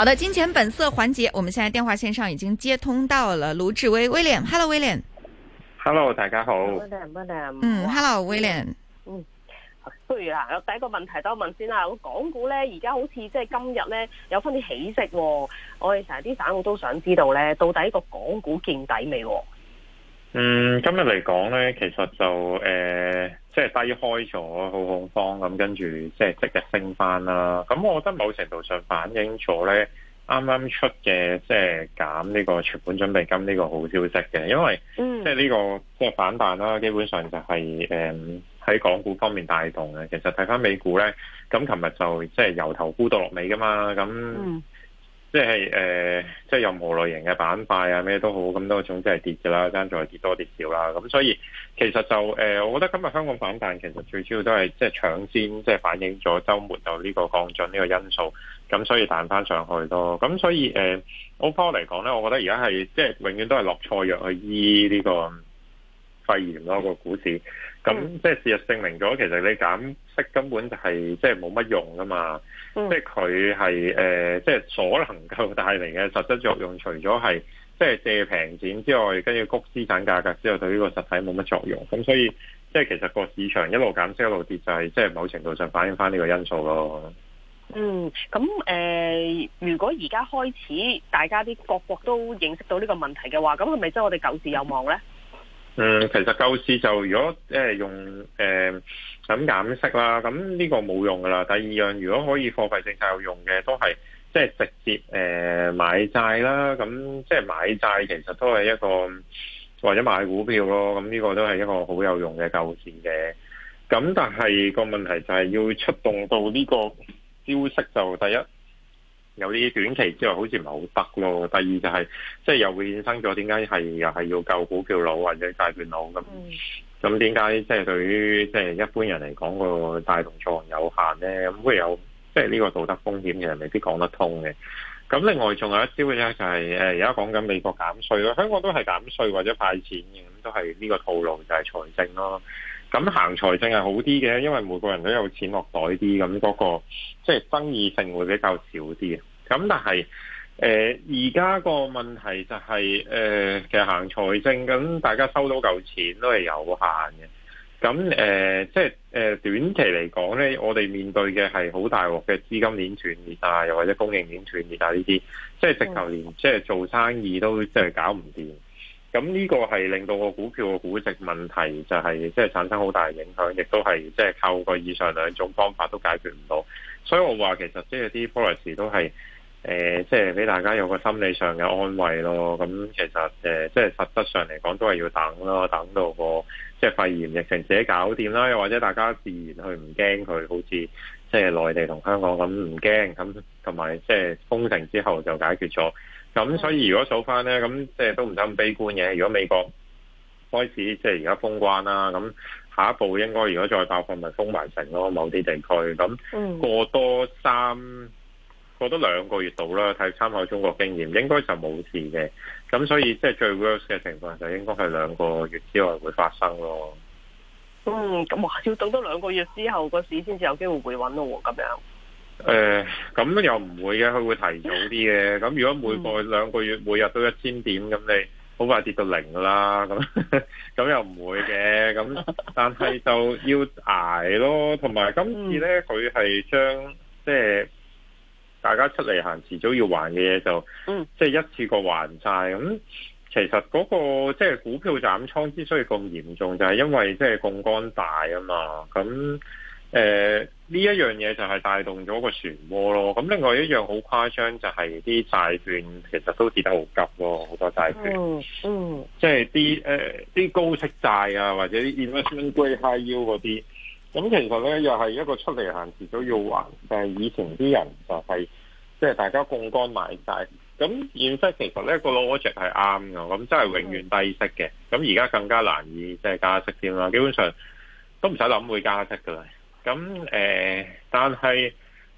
好的，金錢本色環節，我們現在電話線上已經接通到了盧志威，威廉，Hello，威廉，Hello，大家好，唔該唔該。嗯，Hello，威廉，嗯，不如啊，有第一個問題等我問先啦，港股咧而家好似即係今日咧有翻啲起色喎，我哋成日啲散戶都想知道咧，到底個港股見底未？嗯，今日嚟講咧，其實就誒，即、呃、係、就是、低開咗，好恐慌咁，跟住即係即日升翻啦。咁我覺得某程度上反映咗咧，啱啱出嘅即係減呢個存款準備金呢個好消息嘅，因為即係呢個即係反彈啦，基本上就係誒喺港股方面帶動嘅。其實睇翻美股咧，咁琴日就即係由頭沽到落尾噶嘛，咁。即係誒、呃，即係任何類型嘅板塊啊，咩都好，咁多種即係跌噶啦，爭在跌多跌少啦，咁所以其實就誒、呃，我覺得今日香港反彈，其實最主要都係即係搶先，即係反映咗周末有呢個降準呢個因素，咁所以彈翻上去咯，咁所以誒 overall 嚟講咧，我覺得而家係即係永遠都係落錯藥去醫呢個肺炎咯個股市。咁、嗯嗯、即係事實證明咗，其實你減息根本就係即係冇乜用噶嘛。嗯、即係佢係誒，即係所能夠帶嚟嘅實質作用除，除咗係即係借平錢之外，跟住谷資產價格之後，對呢個實體冇乜作用。咁、嗯、所以即係其實個市場一路減息一路跌就係，即係某程度上反映翻呢個因素咯。嗯，咁誒、呃，如果而家開始大家啲各國都認識到呢個問題嘅話，咁係咪真我哋救市有望咧？嗯，其實救市就如果即係、呃、用誒咁減息啦，咁呢個冇用噶啦。第二樣，如果可以貨幣政策有用嘅，都係即係直接誒、呃、買債啦。咁即係買債其實都係一個或者買股票咯。咁呢個都係一個好有用嘅救市嘅。咁但係個問題就係要出動到呢個消息，就第一。有啲短期之外好似唔係好得咯。第二就係、是、即係又會衍生咗，點解係又係要救股票佬或者債券佬咁？咁點解即係對於即係一般人嚟講個帶動作用有限咧？咁會有即係呢個道德風險其實未必講得通嘅。咁另外仲有一招嘅、就、咧、是，就係誒而家講緊美國減稅咯，香港都係減稅或者派錢，咁都係呢個套路就係財政咯。咁行財政係好啲嘅，因為每個人都有錢落袋啲，咁嗰、那個即係爭議性會比較少啲嘅。咁但係，誒而家個問題就係、是，誒、呃、其實行財政，咁大家收到嚿錢都係有限嘅。咁誒、呃，即係誒、呃、短期嚟講咧，我哋面對嘅係好大鑊嘅資金鏈斷裂啊，又或者供應鏈斷裂啊呢啲，即係直頭連即係做生意都即係搞唔掂。咁呢個係令到個股票嘅估值問題就係、是、即係產生好大影響，亦都係即係透過以上兩種方法都解決唔到。所以我話其實即係啲 policy 都係。誒、呃，即係俾大家有個心理上嘅安慰咯。咁、嗯、其實誒、呃，即係實質上嚟講都係要等咯，等到個即係肺炎疫情自己搞掂啦。又或者大家自然去唔驚佢，好似即係內地同香港咁唔驚。咁同埋即係封城之後就解決咗。咁、嗯、所以如果數翻呢，咁即係都唔使咁悲觀嘅。如果美國開始即係而家封關啦，咁下一步應該如果再爆發咪封埋城咯，某啲地區咁過多三、嗯。過多兩個月度啦，睇參考中國經驗，應該就冇事嘅。咁所以即係最 worst 嘅情況就應該係兩個月之外會發生咯。嗯，咁哇，要等多兩個月之後個市先至有機會回穩咯，咁樣。誒、呃，咁又唔會嘅，佢會提早啲嘅。咁如果每個、嗯、兩個月每日都一千點，咁你好快跌到零㗎啦。咁 咁又唔會嘅，咁但係就要捱咯。同埋今次呢，佢係、嗯、將即係。大家出嚟行遲早要還嘅嘢就，嗯，即係一次過還債咁。其實嗰、那個即係、就是、股票斬倉之所以咁嚴重就係、是、因為即係槓桿大啊嘛。咁誒呢一樣嘢就係帶動咗個漩渦咯。咁另外一樣好誇張就係啲債券其實都跌得好急咯，好多債券。嗯，即係啲誒啲高息債啊，或者啲 investment grade high yield 啲。咁其實咧，又係一個出嚟行，遲早都要還。但以前啲人就係即係大家槓桿買曬。咁現實其實咧、個 logic 係啱嘅，咁真係永遠低息嘅。咁而家更加難以即係、即係、加息添啦。基本上都唔使諗會加息嘅啦。咁誒、呃，但係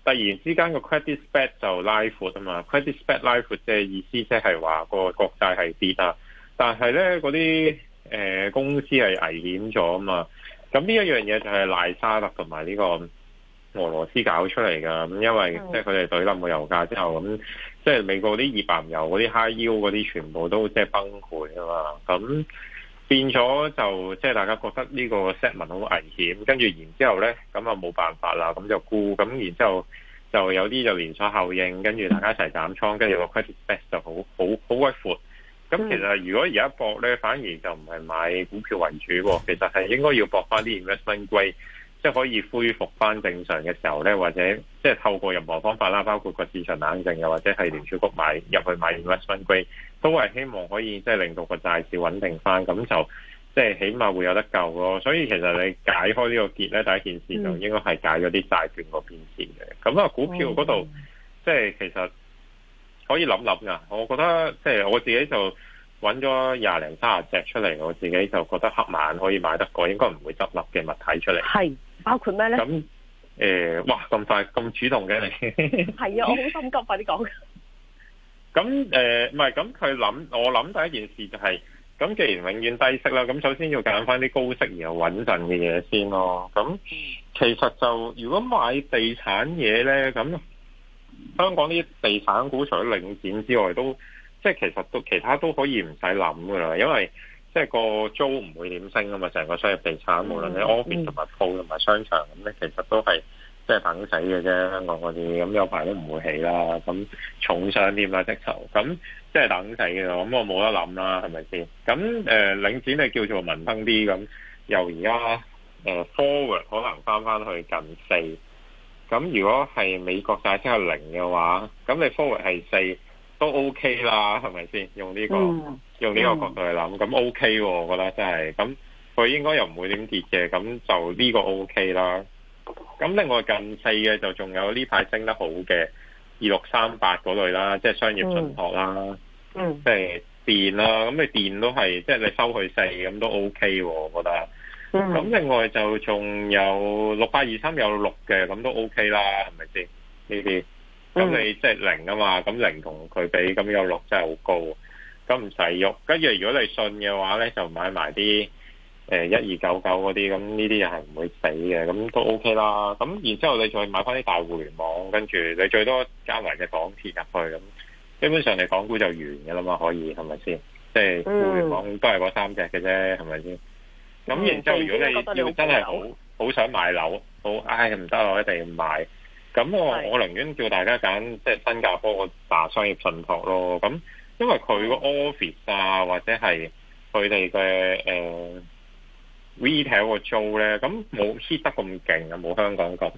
突然之間個 credit spread 就拉闊啊嘛。credit spread 拉闊即係意思即係話個國債係跌啊，但係咧嗰啲誒公司係危險咗啊嘛。咁呢一樣嘢就係賴沙特同埋呢個俄羅斯搞出嚟噶，咁因為即係佢哋懟冧個油價之後，咁即係美國啲頁岩油、嗰啲 High Yield、嗰啲全部都即係崩潰啊嘛，咁變咗就即係大家覺得呢個 sentiment 好危險，跟住然之後呢，咁啊冇辦法啦，咁就沽，咁然之後就有啲就連鎖效應，跟住大家一齊斬倉，跟住個 credit spread 就好好鬼闊。咁、嗯、其實如果而家搏咧，反而就唔係買股票為主喎，其實係應該要搏翻啲 investment grade，即係可以恢復翻正常嘅時候咧，或者即係透過任何方法啦，包括個市場冷靜，又或者係聯儲局買入去買 investment grade，都係希望可以即係令到個債市穩定翻，咁就即係起碼會有得救咯。所以其實你解開呢個結咧，第一件事就應該係解咗啲債券嗰邊先嘅。咁啊，股票嗰度即係其實。可以諗諗噶我覺得即係我自己就揾咗廿零三十隻出嚟，我自己就覺得黑晚可以買得過，應該唔會執笠嘅物體出嚟。係包括咩咧？咁誒、呃，哇！咁快咁主動嘅你，係啊！我好心急，快啲講。咁、呃、誒，唔係咁佢諗，我諗第一件事就係、是，咁既然永遠低息啦，咁首先要揀翻啲高息而又穩陣嘅嘢先咯。咁其實就如果買地產嘢咧，咁。香港啲地產股除咗領展之外，都即係其實都其他都可以唔使諗噶啦，因為即係個租唔會點升啊嘛，成個商業地產、嗯、無論你 office 同埋鋪同埋商場咁咧，其實都係即係等死嘅啫。香港嗰啲咁有排都唔會起啦，咁重上啲啦即頭，咁即係等死嘅，咁我冇得諗啦，係咪先？咁誒、呃、領展咧叫做民生啲，咁又而家誒 forward 可能翻翻去近四。咁如果係美國債息係零嘅話，咁你 forward 係四都 OK 啦，係咪先？用呢、這個用呢個角度去諗，咁、嗯、OK 喎，我覺得真係。咁佢應該又唔會點跌嘅，咁就呢個 OK 啦。咁另外近四嘅就仲有呢排升得好嘅二六三八嗰類啦，即、就、係、是、商業信託啦，即係、嗯、電啦。咁你電都係即係你收佢四咁都 OK 喎，我覺得。咁、嗯、另外就仲有六八二三有六嘅，咁都 OK 啦，係咪先呢啲？咁你即係零啊嘛，咁零同佢比，咁有六真係好高，咁唔使喐。跟住如果你信嘅話咧，就買埋啲誒一二九九嗰啲，咁呢啲又係唔會死嘅，咁都 OK 啦。咁然之後你再買翻啲大互聯網，跟住你最多加埋隻港鐵入去，咁基本上你港股就完嘅啦嘛，可以係咪先？即係、就是、互聯網都係嗰三隻嘅啫，係咪先？咁然之後，嗯、如果你要真係好好，好想買樓，好唉，唔得，我一定要買。咁我的我寧願叫大家揀即係新加坡嗰大商業信託咯。咁因為佢個 office 啊，或者係佢哋嘅誒 retail 個租咧，咁冇 hit 得咁勁啊，冇香港咁。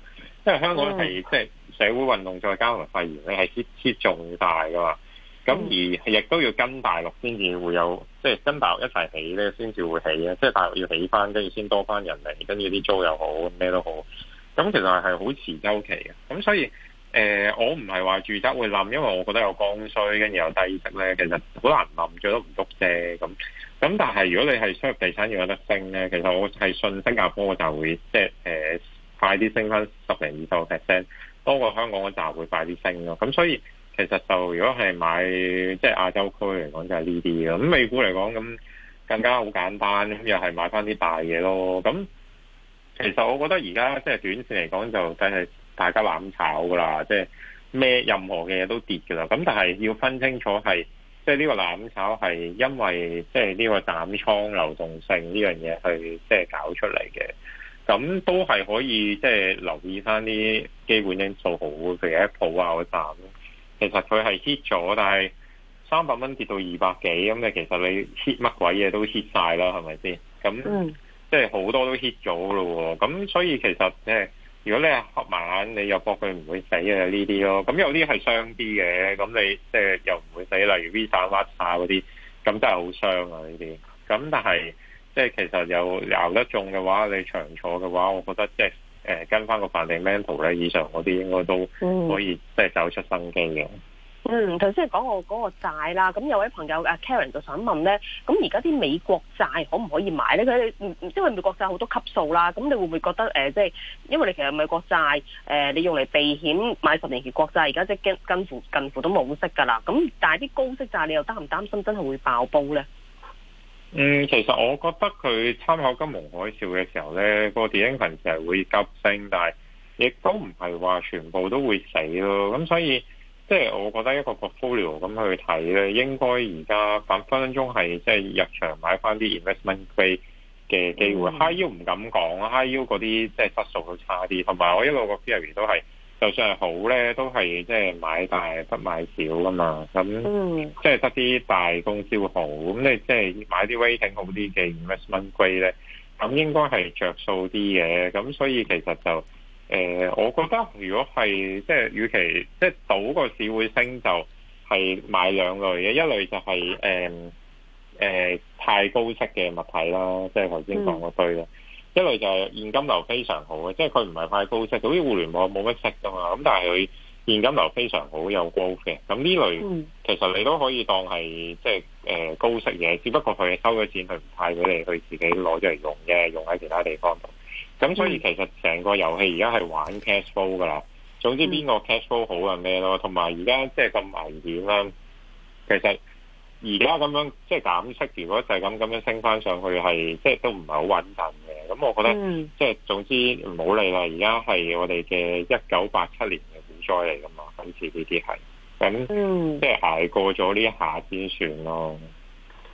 因為香港係、嗯、即係社會運動再加埋肺炎咧，係 hit hit 仲大噶嘛。咁而亦都要跟大陸先至會有。即係跟大陸一齊起咧，先至會起啊！即係大陸要起翻，跟住先多翻人嚟，跟住啲租又好，咩都好。咁其實係好遲周期嘅。咁所以，誒、呃，我唔係話住宅會冧，因為我覺得有剛需，跟住有低息咧，其實好難冧，最多唔郁啫。咁咁，但係如果你係商業地產要有得升咧，其實我係信新加坡個站會即係誒、呃、快啲升翻十零二十個 percent，多過香港個站會快啲升咯。咁所以。其實就如果係買即係亞洲區嚟講就係呢啲咯，咁美股嚟講咁更加好簡單，又係買翻啲大嘢咯。咁其實我覺得而家即係短線嚟講就真係大家攬炒噶啦，即係咩任何嘅嘢都跌噶啦。咁但係要分清楚係即係呢個攬炒係因為即係呢個斬倉流動性呢樣嘢去即係搞出嚟嘅，咁都係可以即係留意翻啲基本因素好，譬如 Apple 啊嗰其實佢係 hit 咗，但係三百蚊跌到二百幾，咁、嗯、你其實你 hit 乜鬼嘢都 hit 晒啦，係咪先？咁、mm. 即係好多都 hit 咗咯，咁所以其實即係如果你係合埋眼，你又搏佢唔會死啊呢啲咯。咁有啲係傷啲嘅，咁你即係又唔會死，例如 Visa、WhatsApp 嗰啲，咁真係好傷啊呢啲。咁但係即係其實有搖得中嘅話，你長坐嘅話，我覺得即係。誒，跟翻個 fundamental 咧，以上嗰啲應該都可以，即係走出生機嘅。嗯，頭先講我嗰個債啦，咁有位朋友誒，Karen 就想問咧，咁而家啲美國債可唔可以買咧？佢因為美國債好多級數啦，咁你會唔會覺得誒，即、呃、係因為你其實美國債誒、呃，你用嚟避險買十年期國債，而家即係近近乎近乎都冇息噶啦，咁但係啲高息債你又擔唔擔心真係會爆煲咧？嗯，其實我覺得佢參考金融海嘯嘅時候呢個電影羣就係會急升，但係亦都唔係話全部都會死咯。咁所以即係我覺得一個 portfolio 咁去睇咧，應該而家分分鐘係即係入場買翻啲 investment grade 嘅機會。High yield 唔敢講，High yield 嗰啲即係質素都差啲，同埋我一路個 theory 都係。就算係好咧，都係即係買大不買少噶嘛，咁、嗯、即係得啲大公司會好，咁你即係買啲 rating 好啲嘅、嗯、investment grade 咧，咁應該係着數啲嘅，咁所以其實就誒、呃，我覺得如果係、呃、即係與其即係賭個市會升，就係、是、買兩類嘅，一類就係誒誒太高質嘅物體啦，即係頭先講嗰堆啦。嗯一類就係現金流非常好嘅，即係佢唔係太高息，好似互聯網冇乜息噶嘛，咁但係佢現金流非常好又高嘅，咁呢類其實你都可以當係即係誒、呃、高息嘢，只不過佢收嘅錢佢唔派俾你，佢自己攞咗嚟用嘅，用喺其他地方度。咁所以其實成個遊戲而家係玩 cash flow 噶啦，總之邊個 cash flow 好就咩咯，同埋而家即係咁危險啦，其實。而家咁樣即係減息，如果就係咁咁樣升返上去，係即係都唔係好穩陣嘅。咁我覺得即係、嗯、總之唔好理啦。而家係我哋嘅一九八七年嘅股災嚟㗎嘛，今次呢啲係，咁即係捱過咗呢一下先算咯。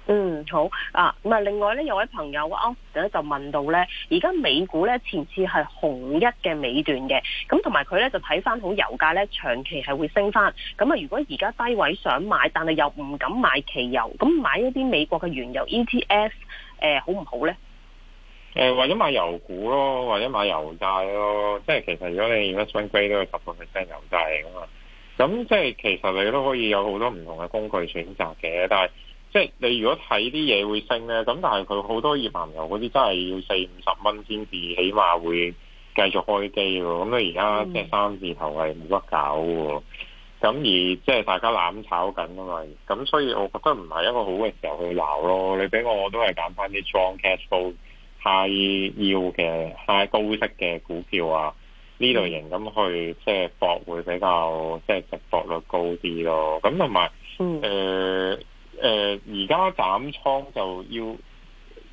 嗯，好啊。咁啊，另外咧，有位朋友啱先咧就問到咧，而家美股咧前次係紅一嘅尾段嘅，咁同埋佢咧就睇翻好油價咧長期係會升翻。咁、嗯、啊，如果而家低位想買，但係又唔敢買期油，咁、嗯、買一啲美國嘅原油 ETF，誒、嗯，好唔好咧？誒、呃，或者買油股咯，或者買油債咯，即係其實如果你而家 investment grade 都係十 percent 油債嚟嘛。咁即係其實你都可以有好多唔同嘅工具選擇嘅，但係。即係你如果睇啲嘢會升咧，咁但係佢好多頁岩油嗰啲真係要四五十蚊先至，起碼會繼續開機喎。你而家即係三字頭係冇得搞喎。咁、嗯、而即係大家攬炒緊啊嘛。咁所以我覺得唔係一個好嘅時候去炒咯。你俾我，我都係揀翻啲 strong cash flow 嘅、太高息嘅股票啊。呢、嗯、類型咁去即係博會比較即係值博率高啲咯。咁同埋誒。嗯呃誒，而家斬倉就要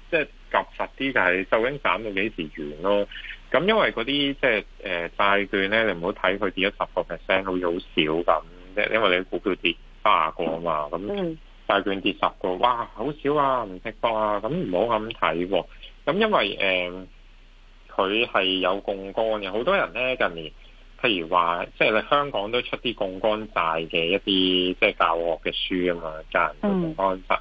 即係及實啲，就係究竟斬到幾時完咯？咁因為嗰啲即係誒、呃、債券咧，你唔好睇佢跌咗十個 percent 好似好少咁，即係因為你股票跌卅個啊嘛，咁債券跌十個，哇，好少啊，唔識當啊，咁唔好咁睇喎。咁因為誒佢係有槓桿嘅，好多人咧近年。譬如話，即係你香港都出啲槓桿債嘅一啲即係教學嘅書啊嘛，教人做槓桿債。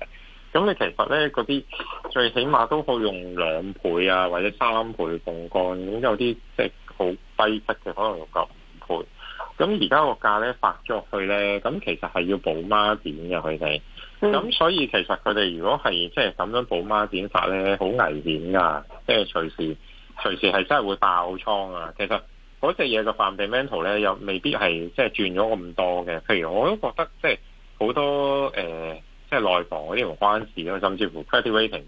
咁你、嗯、其實咧嗰啲最起碼都可以用兩倍啊，或者三倍槓桿。咁有啲即係好低質嘅，可能用五倍。咁而家個價咧發咗落去咧，咁其實係要補孖點嘅佢哋。咁、嗯、所以其實佢哋如果係即係咁樣補孖點法咧，好危險噶，即、就、係、是、隨時隨時係真係會爆倉啊。其實。嗰隻嘢嘅 fundamental 咧，又未必係即係轉咗咁多嘅。譬如我都覺得，即、呃就是、係好多誒，即係內房嗰啲冇關事咯，甚至乎 credit rating，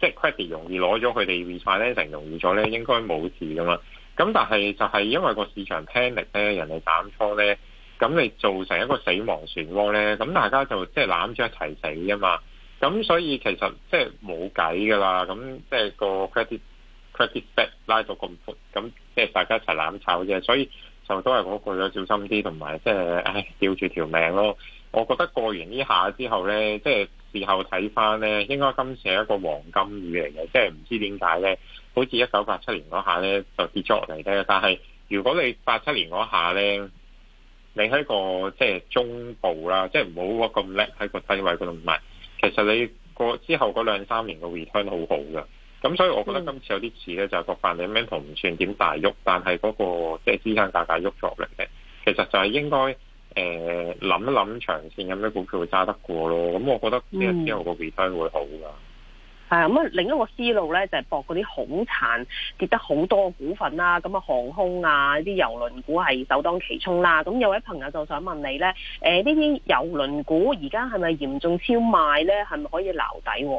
即係 credit 容易攞咗佢哋 refinancing 容易咗咧，應該冇事噶嘛。咁但係就係因為個市場 panic 咧，人哋斬倉咧，咁你造成一個死亡漩渦咧，咁大家就即係攬住一齊死噶嘛。咁所以其實即係冇計噶啦。咁即係個 credit 拉到咁闊，咁即係大家一齊攬炒啫，所以就都係嗰句啦，小心啲同埋，即係唉吊住條命咯。我覺得過完呢下之後呢，即係事後睇翻呢，應該今次係一個黃金雨嚟嘅，即係唔知點解呢，好似一九八七年嗰下呢就跌咗落嚟咧。但係如果你八七年嗰下呢，你喺個即係中部啦，即係唔好話咁叻喺個低位嗰度買，其實你過之後嗰兩三年個 return 好好嘅。咁所以，我覺得今次有啲似咧，就係個 fundamental 唔算點大喐，但係嗰個即係資產價格喐咗嚟嘅，其實就係應該誒諗、呃、一諗長線，有咩股票會揸得過咯？咁、嗯嗯、我覺得其實之後個回升會好噶。係啊、嗯，咁、嗯、啊另一個思路咧，就係博嗰啲好殘跌得好多股份啦，咁啊航空啊啲郵輪股係首當其衝啦、啊。咁有位朋友就想問你咧，誒呢啲郵輪股而家係咪嚴重超賣咧？係咪可以撈底、啊？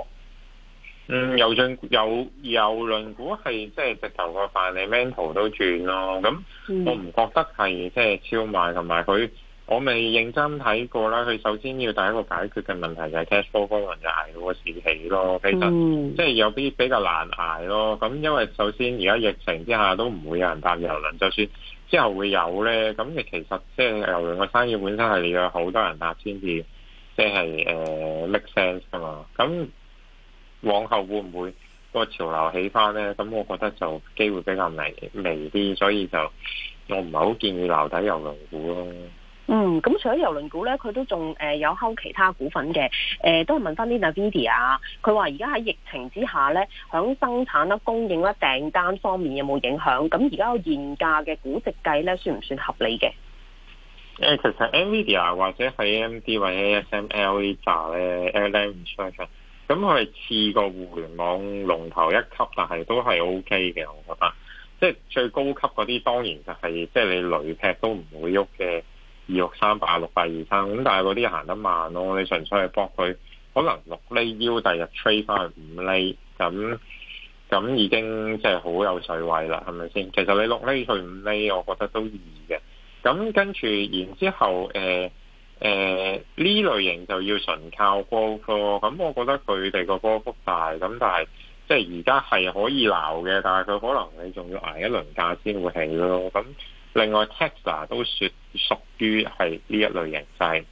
嗯，郵進郵郵輪股係即係直頭個煩，你 mental 都轉咯。咁我唔覺得係即係超賣，同埋佢我未認真睇過啦。佢首先要第一個解決嘅問題就係 cash flow 可能就係個時期咯。其實即係有啲比較難捱咯。咁因為首先而家疫情之下都唔會有人搭郵輪，就算之後會有咧，咁亦其實即係郵輪嘅生意本身係要有好多人搭先至即係誒、uh, make sense 噶嘛。咁往後會唔會個潮流起返咧？咁我覺得就機會比較微微啲，所以就我唔係好建議留底遊輪股咯。嗯，咁除咗遊輪股咧，佢都仲誒有拋、呃、其他股份嘅。誒、呃，都係問返呢個 Nvidia，a 佢話而家喺疫情之下咧，響生產啦、供應啦、訂單方面有冇影響？咁而家個現價嘅估值計咧，算唔算合理嘅？誒、呃，其實 Nvidia 或者係 AMD 或者 ASML 呢扎咧，Airline 咁佢係次過互聯網龍頭一級，但係都係 O K 嘅，我覺得。即係最高級嗰啲當然就係、是，即係你雷劈都唔會喐嘅，二六三八，六八二三。咁但係嗰啲行得慢咯，你純粹係搏佢，可能六厘腰，第二日吹翻去五厘。咁咁已經即係好有水位啦，係咪先？其實你六厘去五厘，我覺得都易嘅。咁跟住，然之後誒。呃誒、呢、呃、類型就要純靠波幅，咁、嗯、我覺得佢哋個波幅大，咁、嗯、但係即係而家係可以鬧嘅，但係佢可能你仲要捱一輪價先會起咯。咁、嗯、另外 Tesla 都說屬於係呢一類型，就係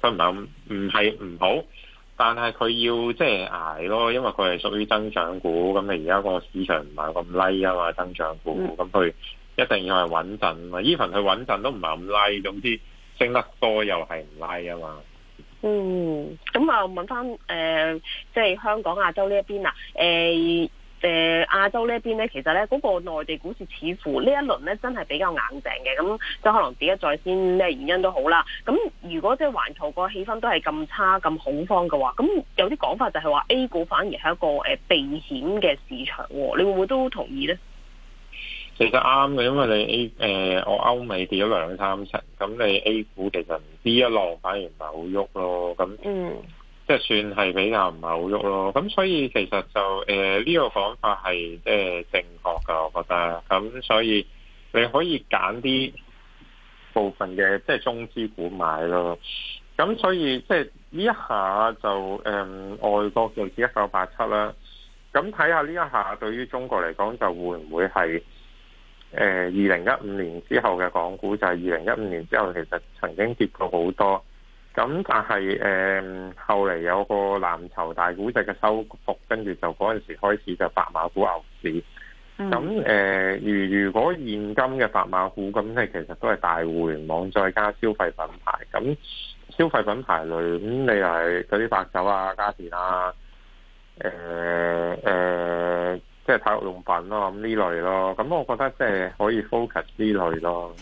都唔係咁唔係唔好，但係佢要即係捱咯，因為佢係屬於增長股，咁你而家個市場唔係咁 like 啊嘛，增長股咁佢、嗯嗯、一定要係穩陣啊，even 佢穩陣都唔係咁 like。i 啲。升得多又係唔拉啊嘛。嗯，咁啊，問翻，誒，即係香港亞洲呢一邊啊，誒，誒，亞洲呢一邊咧，其實咧嗰個內地股市似乎呢一輪咧真係比較硬淨嘅，咁即係可能點一再先咩原因都好啦。咁如果即係環球個氣氛都係咁差咁恐慌嘅話，咁有啲講法就係話 A 股反而係一個誒避險嘅市場，你會唔會都同意咧？其實啱嘅，因為你 A 誒、呃、我歐美跌咗兩三成，咁你 A 股其實呢一浪反而唔係好喐咯，咁即係算係比較唔係好喐咯。咁所以其實就誒呢、呃呢個講法係即係正確嘅，我覺得。咁所以你可以揀啲部分嘅即係中資股買咯。咁所以即係呢一下就誒、呃、外國就跌一九八七啦。咁睇下呢一下對於中國嚟講就會唔會係？誒，二零一五年之後嘅港股就係二零一五年之後，其實曾經跌過好多，咁但係誒、呃、後嚟有個藍籌大股值嘅收復，跟住就嗰陣時開始就白馬股牛市。咁誒，如、呃、如果現今嘅白馬股，咁你其實都係大互聯網再加消費品牌。咁消費品牌類，咁你係嗰啲白酒啊、家電啊，誒、呃、誒。呃即係體育用品咯，咁呢類咯，咁我覺得即係可以 focus 呢類咯。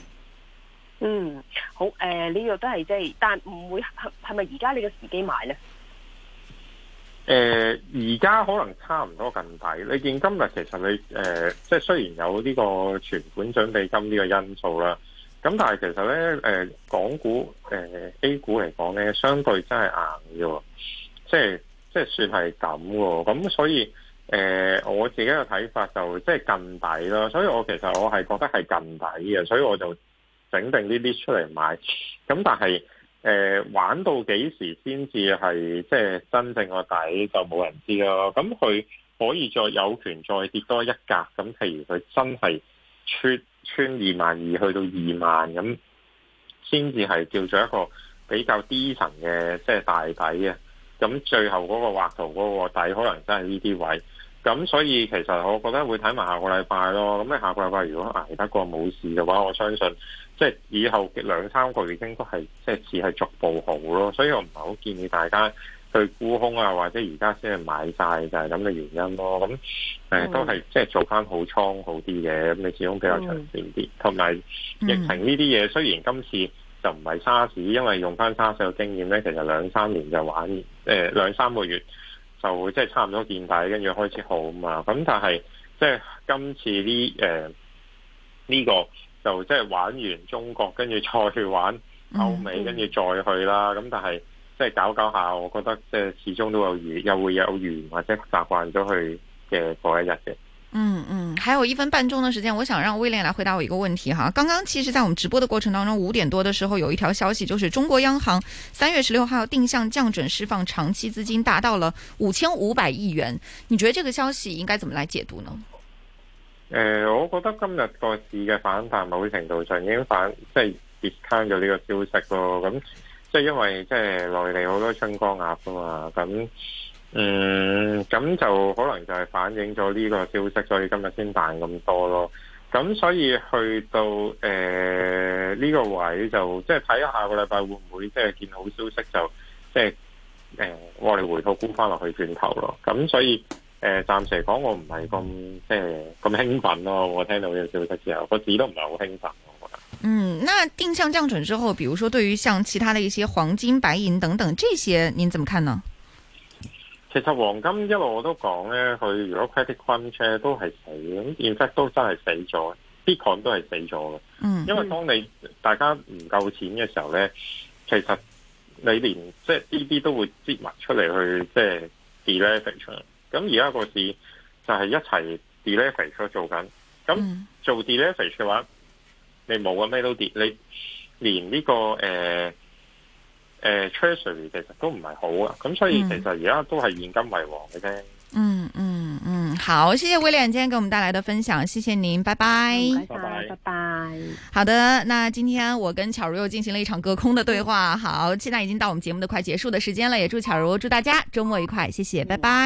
嗯，好，誒、呃，呢個都係即係，但唔會係咪而家你嘅時機買咧？誒、呃，而家可能差唔多近底。你見今日其實你誒、呃，即係雖然有呢個存款準備金呢個因素啦，咁但係其實咧，誒、呃，港股誒、呃、A 股嚟講咧，相對真係硬嘅，即係即係算係咁。咁所以。誒、呃、我自己嘅睇法就即係近底咯，所以我其實我係覺得係近底嘅，所以我就整定呢啲出嚟買。咁但係誒、呃、玩到幾時先至係即係真正個底就冇人知咯。咁佢可以再有權再跌多一格。咁譬如佢真係穿穿二萬二去到二萬咁，先至係叫做一個比較低層嘅即係大底嘅。咁最後嗰個畫圖嗰個底可能真係呢啲位。咁所以其實我覺得會睇埋下個禮拜咯。咁你下個禮拜如果捱得過冇事嘅話，我相信即係以後兩三個月應該係即係市係逐步好咯。所以我唔係好建議大家去沽空啊，或者而家先係買晒，就係咁嘅原因咯。咁、嗯、誒、呃、都係即係做翻好倉好啲嘅，咁你始終比較長線啲。同埋、嗯、疫情呢啲嘢，雖然今次就唔係沙士，因為用翻沙士嘅經驗咧，其實兩三年就玩誒兩三個月。就即係差唔多見底，跟住開始好嘛？咁但係即係今次呢？誒、呃、呢、這個就即係玩完中國，跟住再去玩歐美，跟住再去啦。咁但係即係搞搞下，我覺得即係始終都有餘，又會有餘或者習慣咗去嘅嗰一日嘅。嗯嗯，還有一分半鐘的時間，我想讓威廉來回答我一個問題哈。剛剛其實，在我們直播的過程當中，五點多的時候，有一條消息，就是中國央行三月十六號定向降準釋放長期資金達到了五千五百億元。你覺得這個消息應該怎麼來解讀呢？誒、呃，我覺得今日個市嘅反彈，某程度上已經反即係跌開咗呢個消息咯。咁、嗯、即係因為即係內地好多新光壓噶嘛，咁、嗯。嗯，咁就可能就係反映咗呢個消息，所以今日先彈咁多咯。咁、嗯、所以去到誒呢、呃這個位就即係睇下個禮拜會唔會即係見好消息，就即係誒、呃、我哋回吐沽翻落去轉頭咯。咁、嗯、所以誒、呃、暫時嚟講我唔係咁即係咁興奮咯。我聽到呢個消息之後，我自己都唔係好興奮。我覺得嗯，那定向降準之後，比如說對於像其他的一些黃金、白銀等等這些，您怎麼看呢？其實黃金一路我都講咧，佢如果 credit crunch 都係死，咁 in fact 都真係死咗，Bitcoin 都係死咗嘅。嗯，因為當你大家唔夠錢嘅時候咧，其實你連即係呢啲都會擠埋出嚟去即係 deleverage。咁而家個市就係一齊 deleverage 做緊，咁做 deleverage 嘅話，你冇啊咩都跌，你連呢、這個誒。呃誒 treasury 其實都唔係好啊，咁所以其實而家都係現金為王嘅啫。嗯嗯嗯，好，謝謝威廉，今天給我們帶來的分享，謝謝您，拜拜，拜拜，拜拜。好的，那今天我跟巧如又進行了一場隔空的對話，好，現在已經到我們節目的快結束的時間了，也祝巧如祝大家周末愉快，謝謝，拜拜。嗯